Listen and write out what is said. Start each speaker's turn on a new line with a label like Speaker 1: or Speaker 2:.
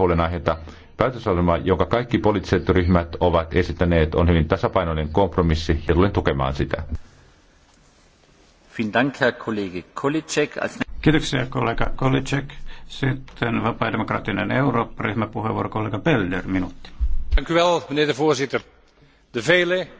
Speaker 1: huolenaiheita. Päätösohjelma, jonka kaikki poliittiset ryhmät ovat esittäneet, on hyvin tasapainoinen kompromissi ja tulen tukemaan sitä.
Speaker 2: Kiitoksia kollega Kolicek. Sitten vapaa-demokraattinen
Speaker 3: Eurooppa-ryhmäpuheenvuoro kollega Pelder, minuutti.
Speaker 4: Dank u wel, meneer de voorzitter. De vele